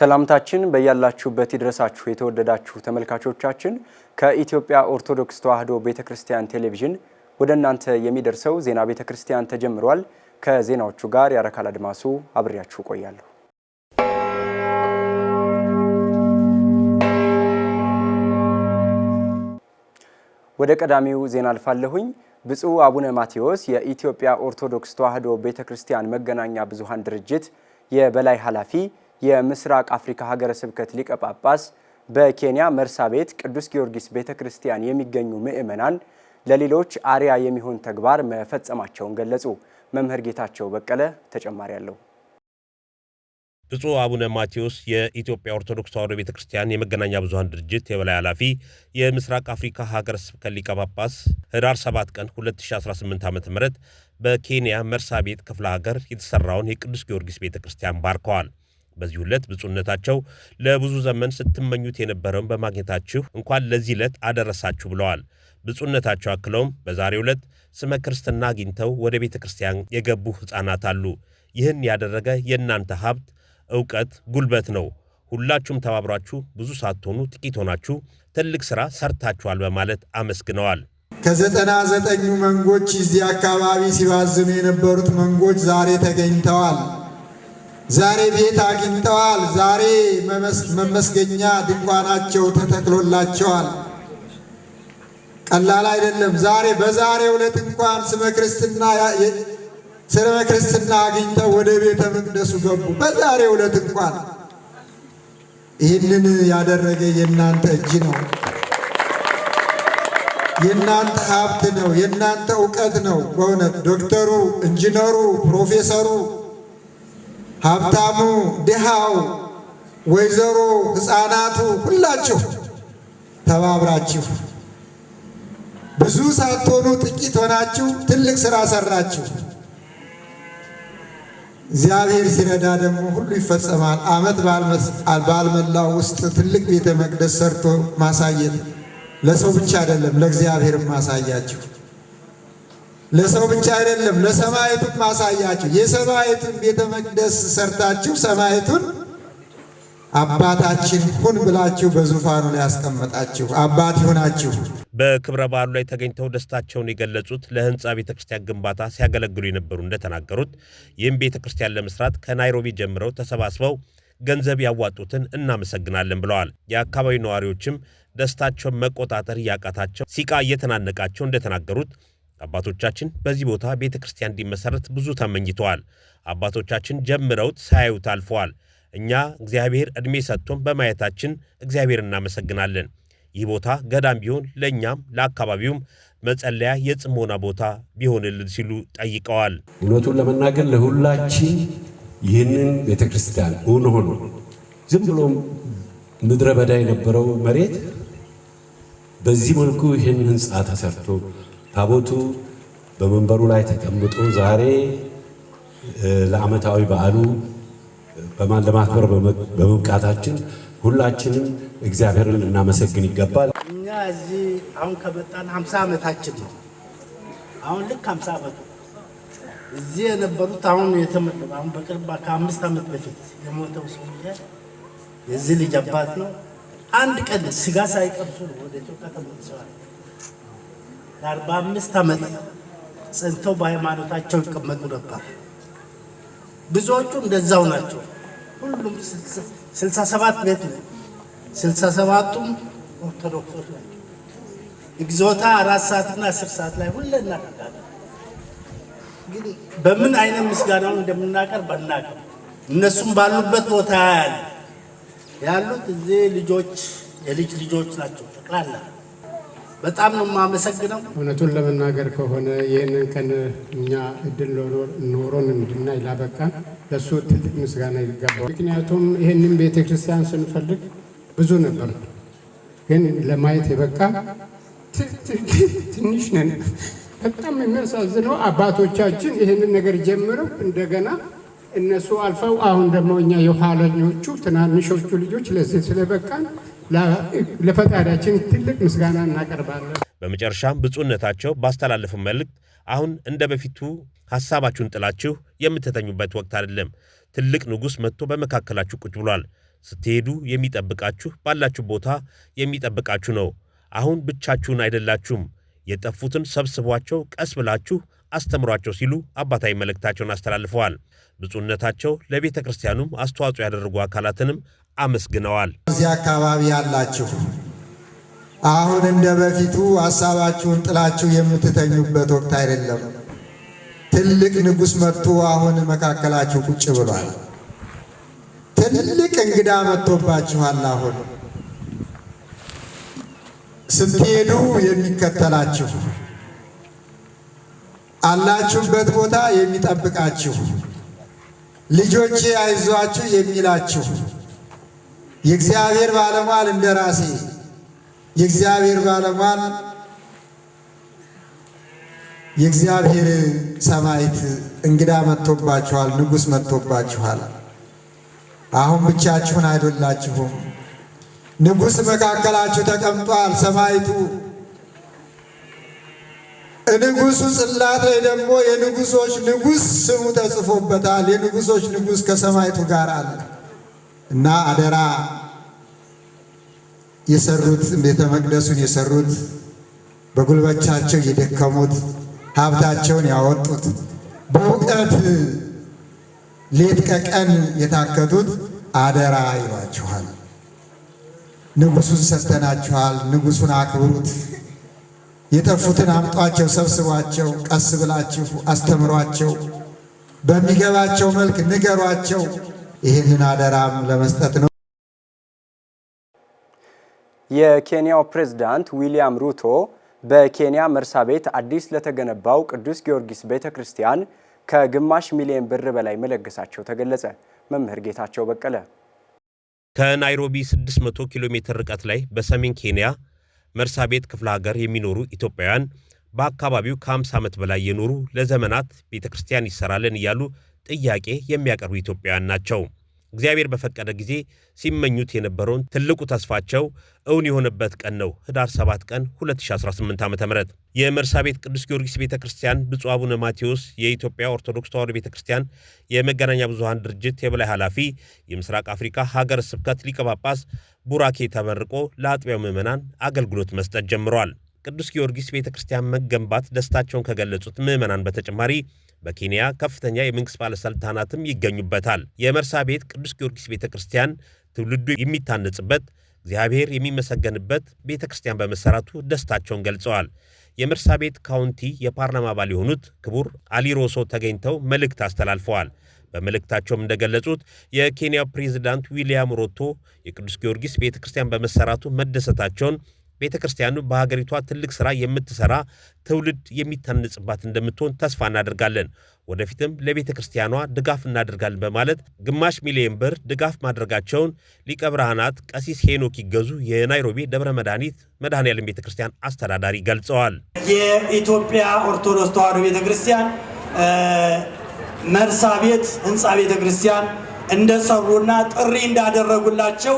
ሰላምታችን በያላችሁበት ይድረሳችሁ የተወደዳችሁ ተመልካቾቻችን። ከኢትዮጵያ ኦርቶዶክስ ተዋሕዶ ቤተ ክርስቲያን ቴሌቪዥን ወደ እናንተ የሚደርሰው ዜና ቤተ ክርስቲያን ተጀምሯል። ከዜናዎቹ ጋር ያረካል አድማሱ አብሬያችሁ ቆያለሁ። ወደ ቀዳሚው ዜና አልፋለሁኝ። ብፁዕ አቡነ ማቴዎስ የኢትዮጵያ ኦርቶዶክስ ተዋሕዶ ቤተ ክርስቲያን መገናኛ ብዙኃን ድርጅት የበላይ ኃላፊ የምስራቅ አፍሪካ ሀገረ ስብከት ሊቀ ጳጳስ በኬንያ መርሳ ቤት ቅዱስ ጊዮርጊስ ቤተ ክርስቲያን የሚገኙ ምዕመናን ለሌሎች አርያ የሚሆን ተግባር መፈጸማቸውን ገለጹ። መምህር ጌታቸው በቀለ ተጨማሪ አለው። ብፁዕ አቡነ ማቴዎስ የኢትዮጵያ ኦርቶዶክስ ተዋሕዶ ቤተ ክርስቲያን የመገናኛ ብዙኃን ድርጅት የበላይ ኃላፊ፣ የምስራቅ አፍሪካ ሀገረ ስብከት ሊቀ ጳጳስ ህዳር 7 ቀን 2018 ዓ ም በኬንያ መርሳ ቤት ክፍለ ሀገር የተሠራውን የቅዱስ ጊዮርጊስ ቤተ ክርስቲያን ባርከዋል። በዚህ ዕለት ብፁዕነታቸው ለብዙ ዘመን ስትመኙት የነበረውን በማግኘታችሁ እንኳን ለዚህ ዕለት አደረሳችሁ ብለዋል። ብፁዕነታቸው አክለውም በዛሬ ዕለት ስመ ክርስትና አግኝተው ወደ ቤተ ክርስቲያን የገቡ ሕፃናት አሉ። ይህን ያደረገ የእናንተ ሀብት፣ ዕውቀት፣ ጉልበት ነው። ሁላችሁም ተባብሯችሁ ብዙ ሳትሆኑ ጥቂት ሆናችሁ ትልቅ ሥራ ሰርታችኋል በማለት አመስግነዋል። ከዘጠና ዘጠኙ መንጎች እዚህ አካባቢ ሲባዝኑ የነበሩት መንጎች ዛሬ ተገኝተዋል። ዛሬ ቤት አግኝተዋል። ዛሬ መመስገኛ ድንኳናቸው ተተክሎላቸዋል። ቀላል አይደለም። ዛሬ በዛሬው ዕለት እንኳን ስመ ክርስትና ስመ ክርስትና አግኝተው ወደ ቤተ መቅደሱ ገቡ። በዛሬው ዕለት እንኳን ይህንን ያደረገ የእናንተ እጅ ነው፣ የእናንተ ሀብት ነው፣ የእናንተ እውቀት ነው። በእውነት ዶክተሩ፣ ኢንጂነሩ፣ ፕሮፌሰሩ ሀብታሙ፣ ድሃው፣ ወይዘሮ፣ ሕፃናቱ ሁላችሁ ተባብራችሁ ብዙ ሳትሆኑ ጥቂት ሆናችሁ ትልቅ ስራ ሰራችሁ። እግዚአብሔር ሲረዳ ደግሞ ሁሉ ይፈጸማል። ዓመት ባልመላው ውስጥ ትልቅ ቤተ መቅደስ ሰርቶ ማሳየት ለሰው ብቻ አይደለም፣ ለእግዚአብሔርም ማሳያችሁ ለሰው ብቻ አይደለም፣ ለሰማይቱን ማሳያችሁ የሰማይቱን ቤተ መቅደስ ሰርታችሁ ሰማይቱን አባታችን ሁን ብላችሁ በዙፋኑ ላይ ያስቀመጣችሁ አባት ይሆናችሁ። በክብረ በዓሉ ላይ ተገኝተው ደስታቸውን የገለጹት ለህንፃ ቤተ ክርስቲያን ግንባታ ሲያገለግሉ የነበሩ እንደተናገሩት ይህም ቤተ ክርስቲያን ለመስራት ከናይሮቢ ጀምረው ተሰባስበው ገንዘብ ያዋጡትን እናመሰግናለን ብለዋል። የአካባቢው ነዋሪዎችም ደስታቸውን መቆጣጠር እያቃታቸው ሲቃ እየተናነቃቸው እንደተናገሩት አባቶቻችን በዚህ ቦታ ቤተ ክርስቲያን እንዲመሰረት ብዙ ተመኝተዋል። አባቶቻችን ጀምረውት ሳያዩት አልፈዋል። እኛ እግዚአብሔር ዕድሜ ሰጥቶን በማየታችን እግዚአብሔር እናመሰግናለን። ይህ ቦታ ገዳም ቢሆን ለእኛም ለአካባቢውም መጸለያ የጽሞና ቦታ ቢሆንልን ሲሉ ጠይቀዋል። እውነቱን ለመናገር ለሁላችን ይህንን ቤተ ክርስቲያን እውን ሆኖ ዝም ብሎ ምድረ በዳ የነበረው መሬት በዚህ መልኩ ይህን ህንፃ ተሰርቶ ታቦቱ በመንበሩ ላይ ተቀምጦ ዛሬ ለዓመታዊ በዓሉ በማን ለማክበር በመብቃታችን ሁላችንም እግዚአብሔርን ልናመሰግን ይገባል። እኛ እዚህ አሁን ከመጣን ሀምሳ ዓመታችን ነው። አሁን ልክ ሀምሳ ዓመቱ እዚህ የነበሩት አሁን የተመለ አሁን በቅርብ ከአምስት ዓመት በፊት የሞተው ሰውዬ የዚህ ልጅ አባት ነው። አንድ ቀን ስጋ ሳይቀምሱ ወደ ኢትዮጵያ ተመልሰዋል። ለአርባ አምስት ዓመት ጸንተው በሃይማኖታቸው ይቀመጡ ነበር። ብዙዎቹ እንደዛው ናቸው። ሁሉም ስልሳ ሰባት ቤት ነው። ስልሳ ሰባቱም ኦርቶዶክሶች ናቸው። እግዚኦታ አራት ሰዓትና አስር ሰዓት ላይ ሁሌ እናደርጋለን። እንግዲህ በምን አይነት ምስጋናውን እንደምናቀርብ አናውቅም። እነሱም ባሉበት ቦታ ያለ ያሉት እዚህ ልጆች የልጅ ልጆች ናቸው ጠቅላላ በጣም ነው የማመሰግነው። እውነቱን ለመናገር ከሆነ ይህንን ቀን እኛ እድል ኖሮን እንድናይ ላበቃን ለእሱ ትልቅ ምስጋና ይገባል። ምክንያቱም ይህንን ቤተ ክርስቲያን ስንፈልግ ብዙ ነበር፣ ግን ለማየት የበቃ ትንሽ ነን። በጣም የሚያሳዝነው አባቶቻችን ይህንን ነገር ጀምረው እንደገና እነሱ አልፈው አሁን ደግሞ እኛ የኋለኞቹ ትናንሾቹ ልጆች ለዚህ ስለበቃን ለፈጣሪያችን ትልቅ ምስጋና እናቀርባለን። በመጨረሻም ብፁዕነታቸው ባስተላለፉን መልእክት አሁን እንደ በፊቱ ሐሳባችሁን ጥላችሁ የምትተኙበት ወቅት አይደለም። ትልቅ ንጉሥ መጥቶ በመካከላችሁ ቁጭ ብሏል። ስትሄዱ የሚጠብቃችሁ፣ ባላችሁ ቦታ የሚጠብቃችሁ ነው። አሁን ብቻችሁን አይደላችሁም። የጠፉትን ሰብስቧቸው፣ ቀስ ብላችሁ አስተምሯቸው ሲሉ አባታዊ መልእክታቸውን አስተላልፈዋል። ብፁዕነታቸው ለቤተ ክርስቲያኑም አስተዋጽኦ ያደረጉ አካላትንም አመስግነዋል። እዚያ አካባቢ ያላችሁ አሁን እንደ በፊቱ ሀሳባችሁን ጥላችሁ የምትተኙበት ወቅት አይደለም። ትልቅ ንጉሥ መጥቶ አሁን መካከላችሁ ቁጭ ብሏል። ትልቅ እንግዳ መጥቶባችኋል። አሁን ስትሄዱ የሚከተላችሁ አላችሁበት ቦታ የሚጠብቃችሁ ልጆቼ አይዟችሁ የሚላችሁ የእግዚአብሔር ባለሟል እንደ ራሴ የእግዚአብሔር ባለሟል የእግዚአብሔር ሰማይት እንግዳ መጥቶባችኋል፣ ንጉሥ መጥቶባችኋል። አሁን ብቻችሁን አይደላችሁም። ንጉሥ መካከላችሁ ተቀምጧል። ሰማይቱ ንጉሱ ጽላት ላይ ደግሞ የንጉሶች ንጉሥ ስሙ ተጽፎበታል። የንጉሶች ንጉሥ ከሰማይቱ ጋር አለ። እና አደራ የሰሩት ቤተ መቅደሱን የሰሩት በጉልበቻቸው የደከሙት ሀብታቸውን ያወጡት በእውቀት ሌት ከቀን የታከቱት አደራ ይሏችኋል። ንጉሱን ሰጥተናችኋል፣ ንጉሱን አክብሩት። የጠፉትን አምጧቸው፣ ሰብስቧቸው፣ ቀስ ብላችሁ አስተምሯቸው፣ በሚገባቸው መልክ ንገሯቸው። ይህንን አደራም ለመስጠት ነው። የኬንያው ፕሬዝዳንት ዊሊያም ሩቶ በኬንያ መርሳ ቤት አዲስ ለተገነባው ቅዱስ ጊዮርጊስ ቤተ ክርስቲያን ከግማሽ ሚሊዮን ብር በላይ መለገሳቸው ተገለጸ። መምህር ጌታቸው በቀለ ከናይሮቢ 600 ኪሎ ሜትር ርቀት ላይ በሰሜን ኬንያ ቤት ክፍለ ሀገር የሚኖሩ ኢትዮጵያውያን በአካባቢው ከ50 ዓመት በላይ የኖሩ ለዘመናት ቤተ ክርስቲያን ይሰራለን እያሉ ጥያቄ የሚያቀርቡ ኢትዮጵያውያን ናቸው። እግዚአብሔር በፈቀደ ጊዜ ሲመኙት የነበረውን ትልቁ ተስፋቸው እውን የሆነበት ቀን ነው፣ ህዳር 7 ቀን 2018 ዓ ም የመርሳ ቤት ቅዱስ ጊዮርጊስ ቤተ ክርስቲያን ብፁዕ አቡነ ማቴዎስ የኢትዮጵያ ኦርቶዶክስ ተዋሕዶ ቤተ ክርስቲያን የመገናኛ ብዙሃን ድርጅት የበላይ ኃላፊ የምስራቅ አፍሪካ ሀገረ ስብከት ሊቀ ጳጳስ ቡራኬ ተመርቆ ለአጥቢያው ምዕመናን አገልግሎት መስጠት ጀምረዋል። ቅዱስ ጊዮርጊስ ቤተ ክርስቲያን መገንባት ደስታቸውን ከገለጹት ምዕመናን በተጨማሪ በኬንያ ከፍተኛ የመንግሥት ባለሥልጣናትም ይገኙበታል። የመርሳ ቤት ቅዱስ ጊዮርጊስ ቤተ ክርስቲያን ትውልዱ የሚታነጽበት እግዚአብሔር የሚመሰገንበት ቤተ ክርስቲያን በመሠራቱ ደስታቸውን ገልጸዋል። የመርሳ ቤት ካውንቲ የፓርላማ አባል የሆኑት ክቡር አሊ ሮሶ ተገኝተው መልእክት አስተላልፈዋል። በመልእክታቸውም እንደገለጹት የኬንያ ፕሬዚዳንት ዊልያም ሮቶ የቅዱስ ጊዮርጊስ ቤተ ክርስቲያን በመሠራቱ መደሰታቸውን ቤተ ክርስቲያኑ በሀገሪቷ ትልቅ ስራ የምትሰራ ትውልድ የሚታነጽባት እንደምትሆን ተስፋ እናደርጋለን። ወደፊትም ለቤተ ክርስቲያኗ ድጋፍ እናደርጋለን በማለት ግማሽ ሚሊዮን ብር ድጋፍ ማድረጋቸውን ሊቀ ብርሃናት ቀሲስ ሄኖክ ይገዙ የናይሮቢ ደብረ መድኃኒት መድኃኔዓለም ቤተ ክርስቲያን አስተዳዳሪ ገልጸዋል። የኢትዮጵያ ኦርቶዶክስ ተዋሕዶ ቤተ ክርስቲያን መርሳ ቤት ህንፃ ቤተ ክርስቲያን እንደሰሩና ጥሪ እንዳደረጉላቸው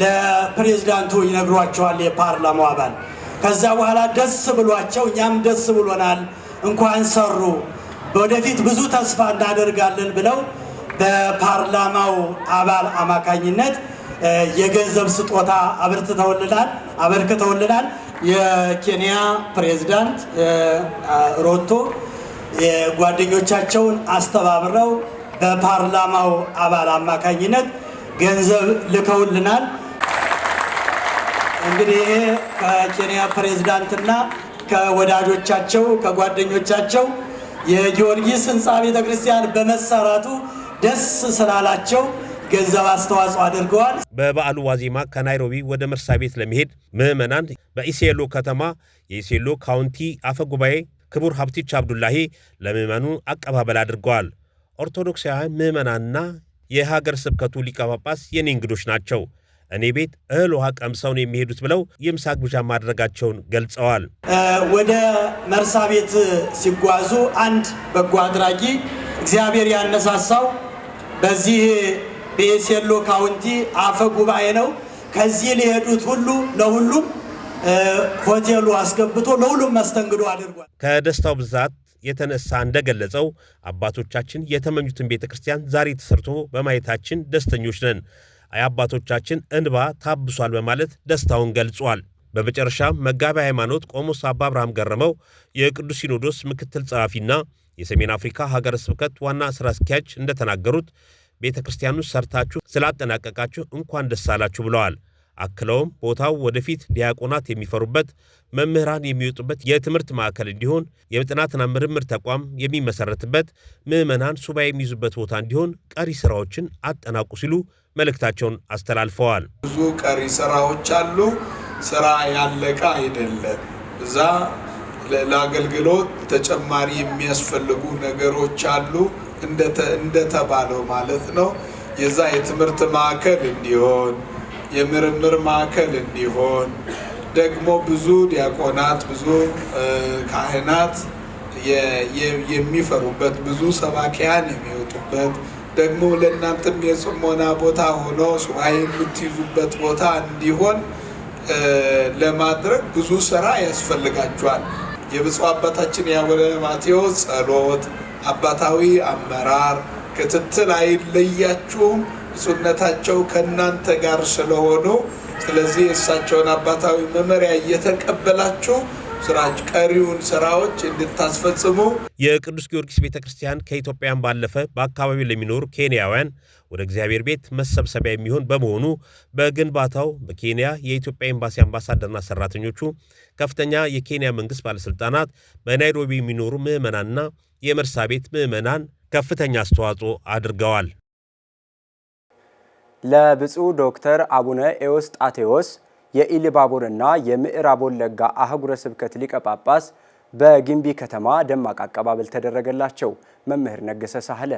ለፕሬዝዳንቱ ይነግሯቸዋል የፓርላማው አባል። ከዛ በኋላ ደስ ብሏቸው እኛም ደስ ብሎናል፣ እንኳን ሰሩ፣ ወደፊት ብዙ ተስፋ እናደርጋለን ብለው በፓርላማው አባል አማካኝነት የገንዘብ ስጦታ አበርክተውልናል አበርክተውልናል። የኬንያ ፕሬዝዳንት ሮቶ ጓደኞቻቸውን አስተባብረው በፓርላማው አባል አማካኝነት ገንዘብ ልከውልናል። እንግዲህ ከኬንያ ፕሬዝዳንትና ከወዳጆቻቸው ከጓደኞቻቸው የጊዮርጊስ ህንፃ ቤተክርስቲያን በመሰራቱ ደስ ስላላቸው ገንዘብ አስተዋጽኦ አድርገዋል። በበዓሉ ዋዜማ ከናይሮቢ ወደ መርሳ ቤት ለመሄድ ምዕመናን በኢሴሎ ከተማ የኢሴሎ ካውንቲ አፈ ጉባኤ ክቡር ሀብቲች አብዱላሂ ለምዕመኑ አቀባበል አድርገዋል። ኦርቶዶክሳውያን ምዕመናንና የሀገር ስብከቱ ሊቀ ጳጳስ የኔ እንግዶች ናቸው። እኔ ቤት እህል ውሃ ቀምሰውን የሚሄዱት ብለው የምሳ ግብዣ ማድረጋቸውን ገልጸዋል። ወደ መርሳ ቤት ሲጓዙ አንድ በጎ አድራጊ እግዚአብሔር ያነሳሳው በዚህ በኤሴሎ ካውንቲ አፈ ጉባኤ ነው። ከዚህ ሊሄዱት ሁሉ ለሁሉም ሆቴሉ አስገብቶ ለሁሉም መስተንግዶ አድርጓል። ከደስታው ብዛት የተነሳ እንደገለጸው አባቶቻችን የተመኙትን ቤተ ክርስቲያን ዛሬ ተሰርቶ በማየታችን ደስተኞች ነን። የአባቶቻችን እንባ ታብሷል በማለት ደስታውን ገልጿል። በመጨረሻም መጋቢ ሃይማኖት ቆሞስ አባ አብርሃም ገረመው የቅዱስ ሲኖዶስ ምክትል ጸሐፊና የሰሜን አፍሪካ ሀገረ ስብከት ዋና ሥራ አስኪያጅ እንደተናገሩት ቤተ ክርስቲያኑ ሰርታችሁ ስላጠናቀቃችሁ እንኳን ደስ አላችሁ ብለዋል። አክለውም ቦታው ወደፊት ዲያቆናት የሚፈሩበት መምህራን የሚወጡበት የትምህርት ማዕከል እንዲሆን የጥናትና ምርምር ተቋም የሚመሰረትበት ምዕመናን ሱባ የሚይዙበት ቦታ እንዲሆን ቀሪ ሥራዎችን አጠናቁ ሲሉ መልእክታቸውን አስተላልፈዋል። ብዙ ቀሪ ስራዎች አሉ። ስራ ያለቀ አይደለም። እዛ ለአገልግሎት ተጨማሪ የሚያስፈልጉ ነገሮች አሉ። እንደተባለው ማለት ነው። የዛ የትምህርት ማዕከል እንዲሆን፣ የምርምር ማዕከል እንዲሆን ደግሞ ብዙ ዲያቆናት ብዙ ካህናት የሚፈሩበት ብዙ ሰባኪያን የሚወጡበት ደግሞ ለእናንተም የጽሞና ቦታ ሆኖ ሱባኤ የምትይዙበት ቦታ እንዲሆን ለማድረግ ብዙ ስራ ያስፈልጋቸዋል። የብፁዕ አባታችን የአቡነ ማቴዎስ ጸሎት፣ አባታዊ አመራር፣ ክትትል አይለያችሁም። ብፁዕነታቸው ከእናንተ ጋር ስለሆኑ ስለዚህ የእሳቸውን አባታዊ መመሪያ እየተቀበላችሁ ስራች ቀሪውን ስራዎች እንድታስፈጽሙ የቅዱስ ጊዮርጊስ ቤተ ክርስቲያን ከኢትዮጵያን ባለፈ በአካባቢው ለሚኖሩ ኬንያውያን ወደ እግዚአብሔር ቤት መሰብሰቢያ የሚሆን በመሆኑ በግንባታው በኬንያ የኢትዮጵያ ኤምባሲ አምባሳደርና ሰራተኞቹ፣ ከፍተኛ የኬንያ መንግስት ባለስልጣናት በናይሮቢ የሚኖሩ ምዕመናንና የመርሳ ቤት ምዕመናን ከፍተኛ አስተዋጽኦ አድርገዋል። ለብፁዕ ዶክተር አቡነ ኤዎስጣቴዎስ የኢሉባቦርና የምዕራብ ወለጋ አህጉረ ስብከት ሊቀ ጳጳስ በግንቢ ከተማ ደማቅ አቀባበል ተደረገላቸው። መምህር ነገሰ ሳህለ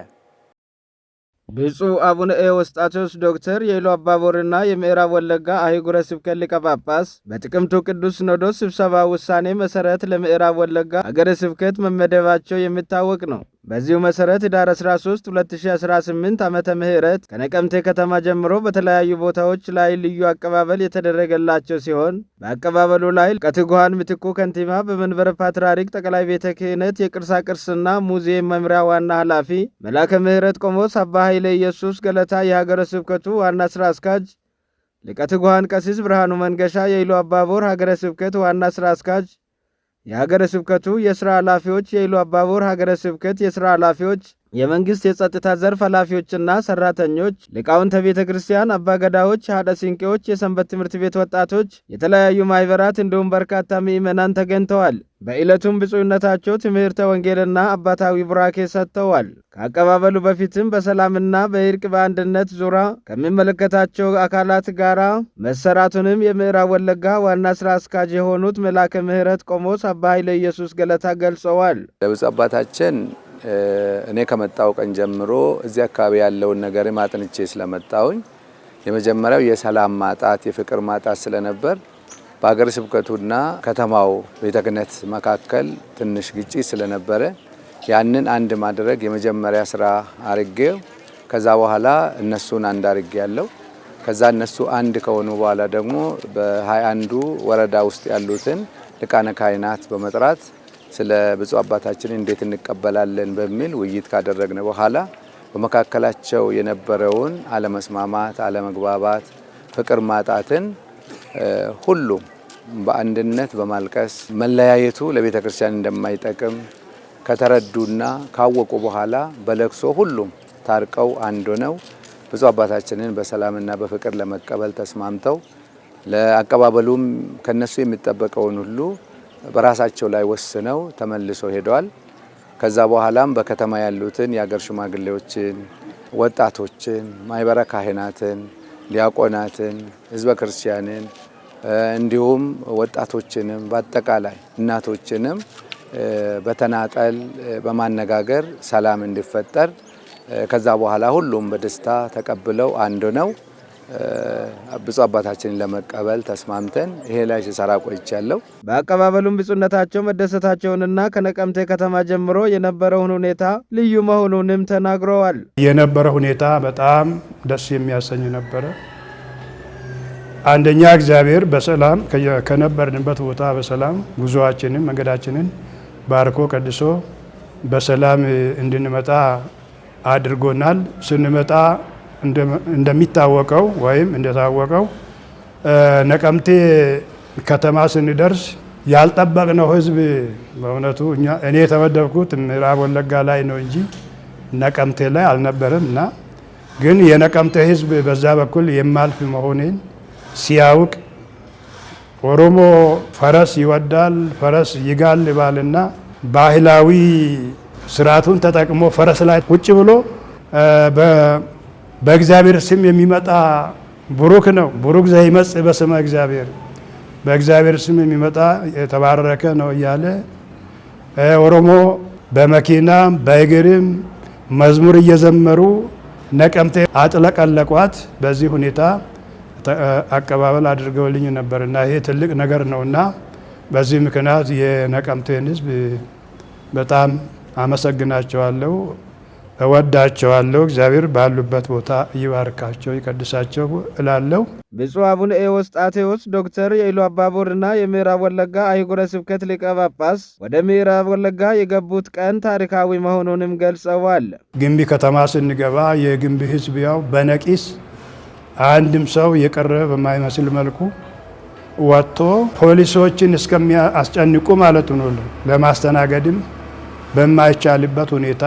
ብፁዕ አቡነ ኤዎስጣቴዎስ ዶክተር የኢሉ አባቦርና የምዕራብ ወለጋ አህጉረ ስብከት ሊቀ ጳጳስ በጥቅምቱ ቅዱስ ሲኖዶስ ስብሰባ ውሳኔ መሠረት ለምዕራብ ወለጋ አገረ ስብከት መመደባቸው የሚታወቅ ነው። በዚሁ መሠረት ኅዳር 13 2018 ዓመተ ምህረት ከነቀምቴ ከተማ ጀምሮ በተለያዩ ቦታዎች ላይ ልዩ አቀባበል የተደረገላቸው ሲሆን በአቀባበሉ ላይ ከትጉሃን ምትኩ ከንቲማ በመንበረ ፓትርያርክ ጠቅላይ ቤተ ክህነት የቅርሳቅርስና ሙዚየም መምሪያ ዋና ኃላፊ መላከ ምህረት ቆሞስ አባ ኃይለ ኢየሱስ ገለታ የሀገረ ስብከቱ ዋና ሥራ አስኪያጅ፣ ሊቀ ትጉሃን ቀሲስ ብርሃኑ መንገሻ የኢሉ አባቦር ሀገረ ስብከት ዋና ሥራ አስኪያጅ፣ የሀገረ ስብከቱ የሥራ ኃላፊዎች፣ የኢሉ አባቦር ሀገረ ስብከት የሥራ ኃላፊዎች የመንግስት የጸጥታ ዘርፍ ኃላፊዎችና ሰራተኞች፣ ሊቃውንተ ቤተ ክርስቲያን፣ አባገዳዎች፣ ሀደ ሲንቄዎች፣ የሰንበት ትምህርት ቤት ወጣቶች፣ የተለያዩ ማህበራት እንዲሁም በርካታ ምዕመናን ተገኝተዋል። በዕለቱም ብፁዕነታቸው ትምህርተ ወንጌልና አባታዊ ቡራኬ ሰጥተዋል። ከአቀባበሉ በፊትም በሰላምና በእርቅ በአንድነት ዙራ ከሚመለከታቸው አካላት ጋር መሰራቱንም የምዕራብ ወለጋ ዋና ስራ አስኪያጅ የሆኑት መላከ ምህረት ቆሞስ አባ ኃይለ ኢየሱስ ገለታ ገልጸዋል። ለብፁዕ አባታችን እኔ ከመጣው ቀን ጀምሮ እዚህ አካባቢ ያለውን ነገር ማጥንቼ ስለመጣውኝ የመጀመሪያው የሰላም ማጣት የፍቅር ማጣት ስለነበር በሀገረ ስብከቱና ከተማው ቤተ ክህነት መካከል ትንሽ ግጭት ስለነበረ ያንን አንድ ማድረግ የመጀመሪያ ስራ አርጌ ከዛ በኋላ እነሱን አንድ አርጌ ያለው ከዛ እነሱ አንድ ከሆኑ በኋላ ደግሞ በሃያ አንዱ ወረዳ ውስጥ ያሉትን ልቃነ ካህናት በመጥራት ስለ ብፁዕ አባታችን እንዴት እንቀበላለን በሚል ውይይት ካደረግን በኋላ በመካከላቸው የነበረውን አለመስማማት፣ አለመግባባት፣ ፍቅር ማጣትን ሁሉም በአንድነት በማልቀስ መለያየቱ ለቤተ ክርስቲያን እንደማይጠቅም ከተረዱና ካወቁ በኋላ በለቅሶ ሁሉም ታርቀው አንዱ ነው። ብፁዕ አባታችንን በሰላምና በፍቅር ለመቀበል ተስማምተው ለአቀባበሉም ከነሱ የሚጠበቀውን ሁሉ በራሳቸው ላይ ወስነው ተመልሰው ሄደዋል። ከዛ በኋላም በከተማ ያሉትን የአገር ሽማግሌዎችን፣ ወጣቶችን፣ ማይበረ ካህናትን፣ ዲያቆናትን፣ ህዝበ ክርስቲያንን እንዲሁም ወጣቶችንም በአጠቃላይ እናቶችንም በተናጠል በማነጋገር ሰላም እንዲፈጠር ከዛ በኋላ ሁሉም በደስታ ተቀብለው አንድ ነው ብፁ አባታችንን ለመቀበል ተስማምተን ይሄ ላይ ሲሰራ ቆይቻለሁ። በአቀባበሉም ብፁነታቸው መደሰታቸውንና ከነቀምቴ ከተማ ጀምሮ የነበረውን ሁኔታ ልዩ መሆኑንም ተናግረዋል። የነበረ ሁኔታ በጣም ደስ የሚያሰኝ ነበረ። አንደኛ እግዚአብሔር በሰላም ከነበርንበት ቦታ በሰላም ጉዞአችንን መንገዳችንን ባርኮ ቀድሶ በሰላም እንድንመጣ አድርጎናል። ስንመጣ እንደሚታወቀው ወይም እንደታወቀው ነቀምቴ ከተማ ስንደርስ ያልጠበቅነው ህዝብ በእውነቱ እኔ የተመደብኩት ምዕራብ ወለጋ ላይ ነው እንጂ ነቀምቴ ላይ አልነበረም እና ግን የነቀምቴ ህዝብ በዛ በኩል የማልፍ መሆኔን ሲያውቅ ኦሮሞ ፈረስ ይወዳል፣ ፈረስ ይጋል ይጋልባልና ባህላዊ ስርዓቱን ተጠቅሞ ፈረስ ላይ ቁጭ ብሎ በእግዚአብሔር ስም የሚመጣ ቡሩክ ነው። ቡሩክ ዘይመጽእ በስመ እግዚአብሔር፣ በእግዚአብሔር ስም የሚመጣ የተባረከ ነው እያለ ኦሮሞ በመኪናም በእግርም መዝሙር እየዘመሩ ነቀምቴ አጥለቀለቋት። በዚህ ሁኔታ አቀባበል አድርገውልኝ ነበር እና ይሄ ትልቅ ነገር ነው እና በዚህ ምክንያት የነቀምቴን ሕዝብ በጣም አመሰግናቸዋለሁ። እወዳቸዋለሁ። እግዚአብሔር ባሉበት ቦታ ይባርካቸው ይቀድሳቸው እላለሁ። ብፁዕ አቡነ ኤዎስጣቴዎስ ዶክተር የኢሉ አባቦርና የምዕራብ ወለጋ አህጉረ ስብከት ሊቀ ጳጳስ ወደ ምዕራብ ወለጋ የገቡት ቀን ታሪካዊ መሆኑንም ገልጸዋል። ግንቢ ከተማ ስንገባ የግንቢ ህዝብ ያው በነቂስ አንድም ሰው የቀረ በማይመስል መልኩ ወጥቶ ፖሊሶችን እስከሚያስጨንቁ ማለት ነው ለማስተናገድም በማይቻልበት ሁኔታ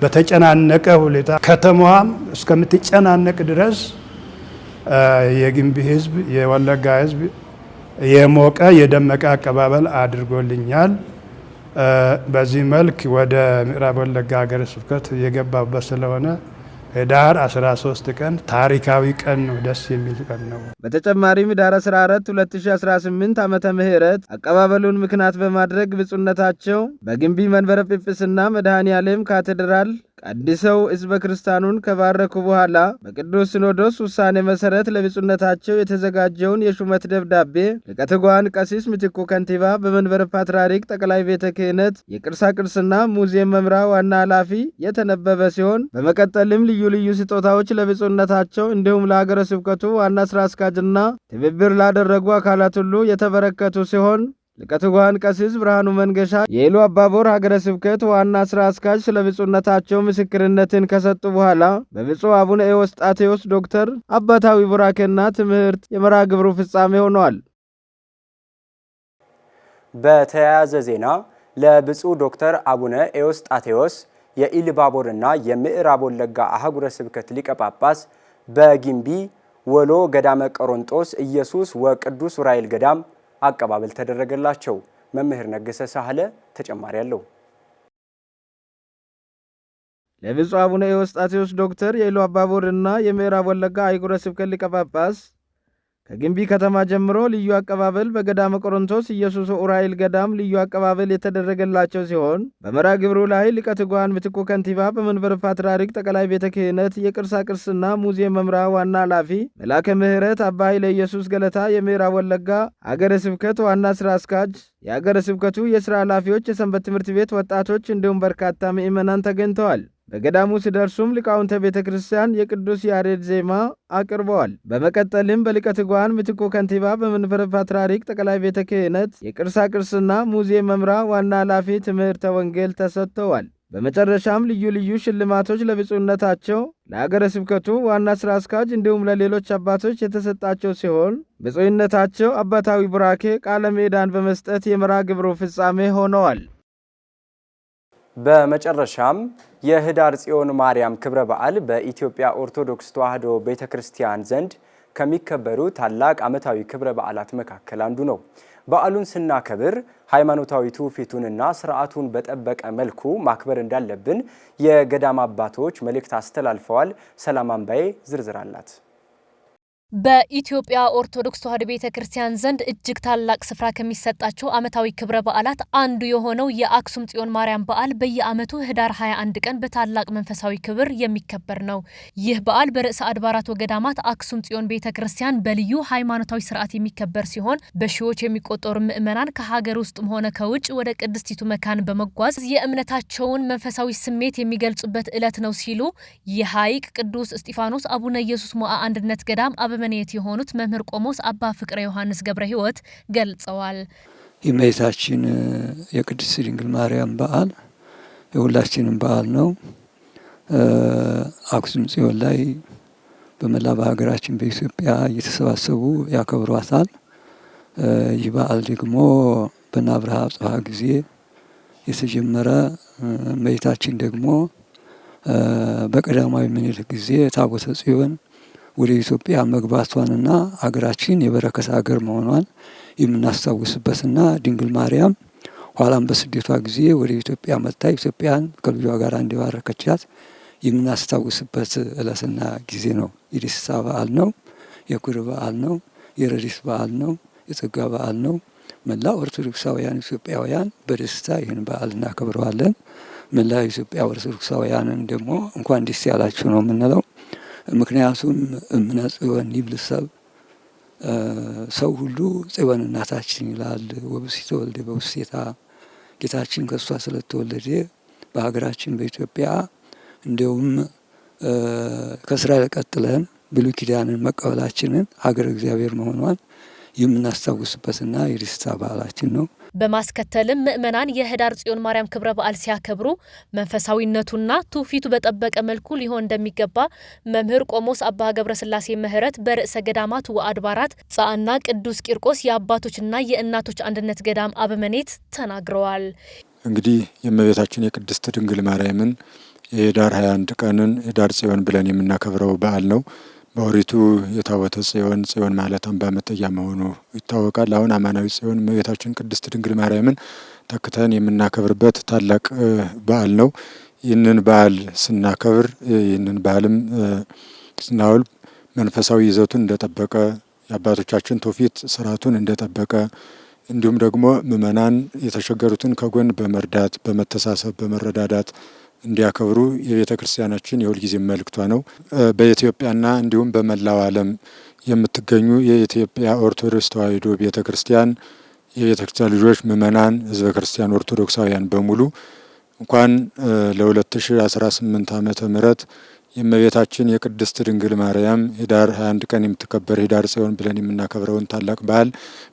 በተጨናነቀ ሁኔታ ከተማዋም እስከምትጨናነቅ ድረስ የግንቢ ህዝብ፣ የወለጋ ህዝብ የሞቀ የደመቀ አቀባበል አድርጎልኛል። በዚህ መልክ ወደ ምዕራብ ወለጋ ሀገረ ስብከት የገባበት ስለሆነ ህዳር 13 ቀን ታሪካዊ ቀን ነው። ደስ የሚል ቀን ነው። በተጨማሪም ህዳር 14 2018 ዓመተ ምህረት አቀባበሉን ምክንያት በማድረግ ብፁዕነታቸው በግንቢ መንበረ ጵጵስና መድኃኔ ዓለም ካቴድራል ቀድሰው ህዝበ ክርስቲያኑን ከባረኩ በኋላ በቅዱስ ሲኖዶስ ውሳኔ መሠረት ለብፁዕነታቸው የተዘጋጀውን የሹመት ደብዳቤ ሊቀ ትጉሃን ቀሲስ ምትኩ ከንቲባ በመንበረ ፓትርያርክ ጠቅላይ ቤተ ክህነት የቅርሳቅርስና ሙዚየም መምሪያ ዋና ኃላፊ የተነበበ ሲሆን በመቀጠልም ልዩ ልዩ ልዩ ስጦታዎች ለብፁዕነታቸው እንዲሁም ለሀገረ ስብከቱ ዋና ሥራ አስኪያጅና ትብብር ላደረጉ አካላት ሁሉ የተበረከቱ ሲሆን ሊቀ ትጉሃን ቀሲስ ብርሃኑ መንገሻ የኢሉ አባቦር ሀገረ ስብከት ዋና ሥራ አስኪያጅ ስለ ብፁዕነታቸው ምስክርነትን ከሰጡ በኋላ በብፁዕ አቡነ ኤዎስጣቴዎስ ዶክተር አባታዊ ቡራኬና ትምህርት የመራ ግብሩ ፍጻሜ ሆነዋል። በተያያዘ ዜና ለብፁዕ ዶክተር አቡነ ኤዎስጣቴዎስ የኢልባቦርና የምዕራብ ወለጋ አህጉረ ስብከት ሊቀ ጳጳስ በጊምቢ ወሎ ገዳመ ቆሮንጦስ ኢየሱስ ወቅዱስ ዑራኤል ገዳም አቀባበል ተደረገላቸው። መምህር ነገሰ ሳህለ ተጨማሪ አለው። ለብፁዕ አቡነ ኤዎስጣቴዎስ ዶክተር የኢሉ እና የምዕራብ ወለጋ አህጉረ ስብከት ሊቀ ጳጳስ ከግንቢ ከተማ ጀምሮ ልዩ አቀባበል በገዳመ ቆሮንቶስ ኢየሱስ ዑራኤል ገዳም ልዩ አቀባበል የተደረገላቸው ሲሆን በመራ ግብሩ ላይ ሊቀ ትጉሃን ምትኩ ከንቲባ፣ በመንበር ፓትርያርክ ጠቅላይ ቤተ ክህነት የቅርሳ ቅርስና ሙዚየም መምሪያ ዋና ኃላፊ መላከ ምሕረት አባ ኃይለ ኢየሱስ ገለታ፣ የምዕራብ ወለጋ አገረ ስብከት ዋና ስራ አስኪያጅ፣ የአገረ ስብከቱ የሥራ ኃላፊዎች፣ የሰንበት ትምህርት ቤት ወጣቶች እንዲሁም በርካታ ምዕመናን ተገኝተዋል። በገዳሙ ሲደርሱም ሊቃውንተ ቤተ ክርስቲያን የቅዱስ ያሬድ ዜማ አቅርበዋል። በመቀጠልም በሊቀ ትጉሃን ምትኩ ከንቲባ፣ በመንበረ ፓትርያርክ ጠቅላይ ቤተ ክህነት የቅርሳ ቅርስና ሙዚየም መምሪያ ዋና ኃላፊ ትምህርተ ወንጌል ተሰጥተዋል። በመጨረሻም ልዩ ልዩ ሽልማቶች ለብፁዕነታቸው ለአገረ ስብከቱ ዋና ሥራ አስኪያጅ እንዲሁም ለሌሎች አባቶች የተሰጣቸው ሲሆን ብፁዕነታቸው አባታዊ ቡራኬ ቃለ ምዕዳን በመስጠት የመርሐ ግብሩ ፍጻሜ ሆነዋል። በመጨረሻም የህዳር ጽዮን ማርያም ክብረ በዓል በኢትዮጵያ ኦርቶዶክስ ተዋሕዶ ቤተ ክርስቲያን ዘንድ ከሚከበሩ ታላቅ ዓመታዊ ክብረ በዓላት መካከል አንዱ ነው። በዓሉን ስናከብር ሃይማኖታዊ ትውፊቱንና ስርዓቱን በጠበቀ መልኩ ማክበር እንዳለብን የገዳም አባቶች መልእክት አስተላልፈዋል። ሰላም አምባዬ ዝርዝር አላት። በኢትዮጵያ ኦርቶዶክስ ተዋሕዶ ቤተ ክርስቲያን ዘንድ እጅግ ታላቅ ስፍራ ከሚሰጣቸው ዓመታዊ ክብረ በዓላት አንዱ የሆነው የአክሱም ጽዮን ማርያም በዓል በየዓመቱ ህዳር 21 ቀን በታላቅ መንፈሳዊ ክብር የሚከበር ነው። ይህ በዓል በርዕሰ አድባራት ወገዳማት አክሱም ጽዮን ቤተ ክርስቲያን በልዩ ሃይማኖታዊ ስርዓት የሚከበር ሲሆን በሺዎች የሚቆጠሩ ምዕመናን ከሀገር ውስጥም ሆነ ከውጭ ወደ ቅድስቲቱ መካን በመጓዝ የእምነታቸውን መንፈሳዊ ስሜት የሚገልጹበት ዕለት ነው ሲሉ የሐይቅ ቅዱስ እስጢፋኖስ አቡነ ኢየሱስ ሞዓ አንድነት ገዳም አበምኔት የሆኑት መምህር ቆሞስ አባ ፍቅረ ዮሐንስ ገብረ ሕይወት ገልጸዋል። የእመቤታችን የቅድስት ድንግል ማርያም በዓል የሁላችንም በዓል ነው። አክሱም ጽዮን ላይ በመላ በሀገራችን በኢትዮጵያ እየተሰባሰቡ ያከብሯታል። ይህ በዓል ደግሞ በናብርሃ አጽብሃ ጊዜ የተጀመረ እመቤታችን ደግሞ በቀዳማዊ ምኒልክ ጊዜ ታቦተ ጽዮን ወደ ኢትዮጵያ መግባቷንና ሀገራችን የበረከት አገር መሆኗን የምናስታውስበትና ድንግል ማርያም ኋላም በስደቷ ጊዜ ወደ ኢትዮጵያ መጥታ ኢትዮጵያን ከልጇ ጋር እንዲባረከቻት የምናስታውስበት እለትና ጊዜ ነው። የደስታ በዓል ነው። የኩር በዓል ነው። የረዲስ በዓል ነው። የጸጋ በዓል ነው። መላ ኦርቶዶክሳውያን ኢትዮጵያውያን በደስታ ይህን በዓል እናከብረዋለን። መላ ኢትዮጵያ ኦርቶዶክሳውያንን ደግሞ እንኳን ደስ ያላችሁ ነው የምንለው። ምክንያቱም እምነ ጽዮን ይብልሰብ ሰው ሁሉ ጽዮን እናታችን ይላል። ወብእሲተ ወልደ በውስቴታ ጌታችን ከእሷ ስለተወለደ በሀገራችን በኢትዮጵያ እንዲሁም ከእስራኤል ቀጥለን ብሉይ ኪዳንን መቀበላችንን ሀገር እግዚአብሔር መሆኗን የምናስታውስበትና የደስታ በዓላችን ነው። በማስከተልም ምእመናን የህዳር ጽዮን ማርያም ክብረ በዓል ሲያከብሩ መንፈሳዊነቱና ትውፊቱ በጠበቀ መልኩ ሊሆን እንደሚገባ መምህር ቆሞስ አባ ገብረስላሴ ምህረት በርዕሰ ገዳማት ወአድባራት ጻዕና ቅዱስ ቂርቆስ የአባቶችና የእናቶች አንድነት ገዳም አበመኔት ተናግረዋል። እንግዲህ የእመቤታችን የቅድስት ድንግል ማርያምን የህዳር 21 ቀንን ህዳር ጽዮን ብለን የምናከብረው በዓል ነው። በኦሪቱ የታቦተ ጽዮን ጽዮን ማለት አምባ መጠጊያ መሆኑ ይታወቃል። አሁን አማናዊ ጽዮን እመቤታችን ቅድስት ድንግል ማርያምን ተክተን የምናከብርበት ታላቅ በዓል ነው። ይህንን በዓል ስናከብር ይህንን በዓልም ስናውል መንፈሳዊ ይዘቱን እንደጠበቀ የአባቶቻችን ትውፊት ስርዓቱን እንደጠበቀ እንዲሁም ደግሞ ምእመናን የተቸገሩትን ከጎን በመርዳት በመተሳሰብ በመረዳዳት እንዲያከብሩ የቤተ ክርስቲያናችን የሁልጊዜ መልእክቷ ነው። በኢትዮጵያና እንዲሁም በመላው ዓለም የምትገኙ የኢትዮጵያ ኦርቶዶክስ ተዋሕዶ ቤተ ክርስቲያን የቤተ ክርስቲያን ልጆች፣ ምእመናን፣ ህዝበ ክርስቲያን ኦርቶዶክሳውያን በሙሉ እንኳን ለ2018 ዓመተ ምህረት የእመቤታችን የቅድስት ድንግል ማርያም ህዳር 21 ቀን የምትከበር ህዳር ጽዮን ብለን የምናከብረውን ታላቅ በዓል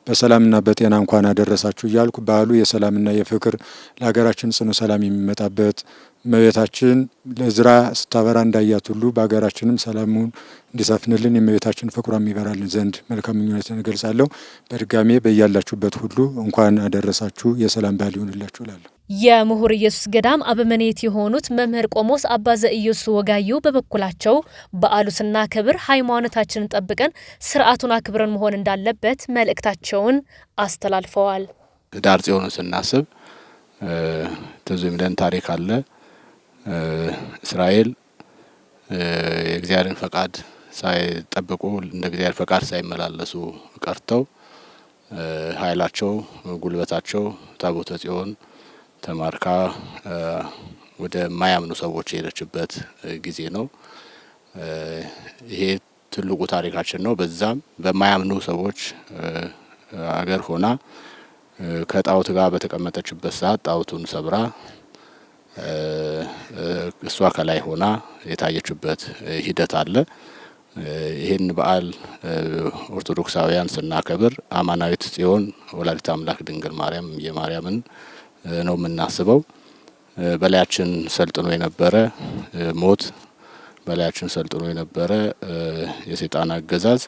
በሰላምና በጤና እንኳን አደረሳችሁ እያልኩ በዓሉ የሰላምና የፍቅር ለሀገራችን ጽኑ ሰላም የሚመጣበት እመቤታችን ለዝራ ስታበራ እንዳያት ሁሉ በሀገራችንም ሰላሙን እንዲሰፍንልን የእመቤታችን ፍቅሯ የሚበራልን ዘንድ መልካም ምኞቴን እገልጻለሁ። በድጋሜ በያላችሁበት ሁሉ እንኳን አደረሳችሁ። የሰላም ባህል ይሆንላችሁ እላለሁ። የምሁር ኢየሱስ ገዳም አበመኔት የሆኑት መምህር ቆሞስ አባዘ ኢየሱስ ወጋየሁ በበኩላቸው በዓሉ ስናከብር ሃይማኖታችንን ጠብቀን ስርዓቱን አክብረን መሆን እንዳለበት መልእክታቸውን አስተላልፈዋል። ዳር ጽዮንን ስናስብ ትዝ የሚለን ታሪክ አለ እስራኤል የእግዚአብሔርን ፈቃድ ሳይጠብቁ እንደ እግዚአብሔር ፈቃድ ሳይመላለሱ ቀርተው ኃይላቸው ጉልበታቸው ታቦተ ጽዮን ተማርካ ወደ ማያምኑ ሰዎች የሄደችበት ጊዜ ነው። ይሄ ትልቁ ታሪካችን ነው። በዛም በማያምኑ ሰዎች አገር ሆና ከጣዖት ጋር በተቀመጠችበት ሰዓት ጣዖቱን ሰብራ እሷ ከላይ ሆና የታየችበት ሂደት አለ። ይህን በዓል ኦርቶዶክሳውያን ስናከብር አማናዊት ጽዮን ወላዲት አምላክ ድንግል ማርያም የማርያምን ነው የምናስበው። በላያችን ሰልጥኖ የነበረ ሞት፣ በላያችን ሰልጥኖ የነበረ የሰይጣን አገዛዝ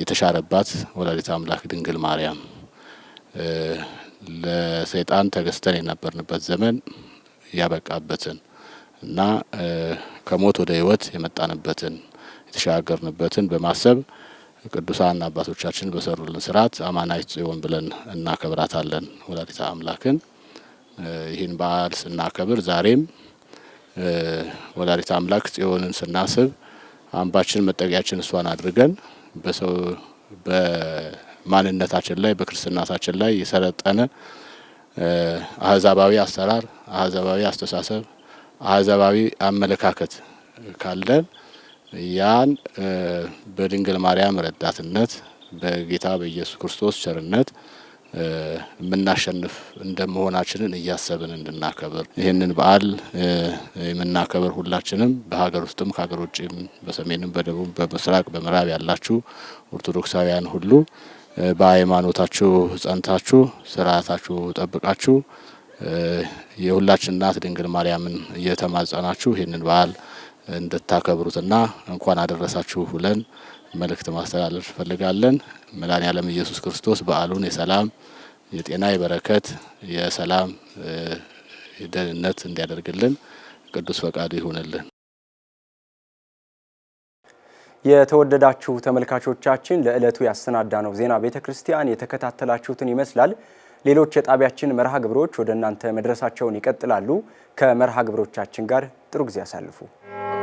የተሻረባት ወላዲት አምላክ ድንግል ማርያም ለሰይጣን ተገዝተን የነበርንበት ዘመን ያበቃበትን እና ከሞት ወደ ህይወት የመጣንበትን የተሻገርንበትን በማሰብ ቅዱሳን አባቶቻችን በሰሩልን ስርዓት አማናዊት ጽዮን ብለን እናከብራታለን ወላዲተ አምላክን። ይህን በዓል ስናከብር ዛሬም ወላዲተ አምላክ ጽዮንን ስናስብ አምባችን መጠቂያችን እሷን አድርገን በሰው በማንነታችን ላይ በክርስትናታችን ላይ የሰለጠነ አህዛባዊ አሰራር፣ አህዛባዊ አስተሳሰብ፣ አህዛባዊ አመለካከት ካለን ያን በድንግል ማርያም ረዳትነት በጌታ በኢየሱስ ክርስቶስ ቸርነት የምናሸንፍ እንደመሆናችንን እያሰብን እንድናከብር ይህንን በዓል የምናከብር ሁላችንም በሀገር ውስጥም ከሀገር ውጭም በሰሜንም በደቡብ በምስራቅ በምዕራብ ያላችሁ ኦርቶዶክሳውያን ሁሉ በሃይማኖታችሁ ጸንታችሁ ስርዓታችሁ ጠብቃችሁ የሁላችን እናት ድንግል ማርያምን እየተማጸናችሁ ይህንን በዓል እንድታከብሩትና እንኳን አደረሳችሁ ብለን መልእክት ማስተላለፍ እንፈልጋለን። ያለም ኢየሱስ ክርስቶስ በዓሉን የሰላም የጤና የበረከት የሰላም ደህንነት እንዲያደርግልን ቅዱስ ፈቃዱ ይሁንልን። የተወደዳችሁ ተመልካቾቻችን ለዕለቱ ያሰናዳ ነው። ዜና ቤተ ክርስቲያን የተከታተላችሁትን ይመስላል። ሌሎች የጣቢያችን መርሃ ግብሮች ወደ እናንተ መድረሳቸውን ይቀጥላሉ። ከመርሃ ግብሮቻችን ጋር ጥሩ ጊዜ ያሳልፉ።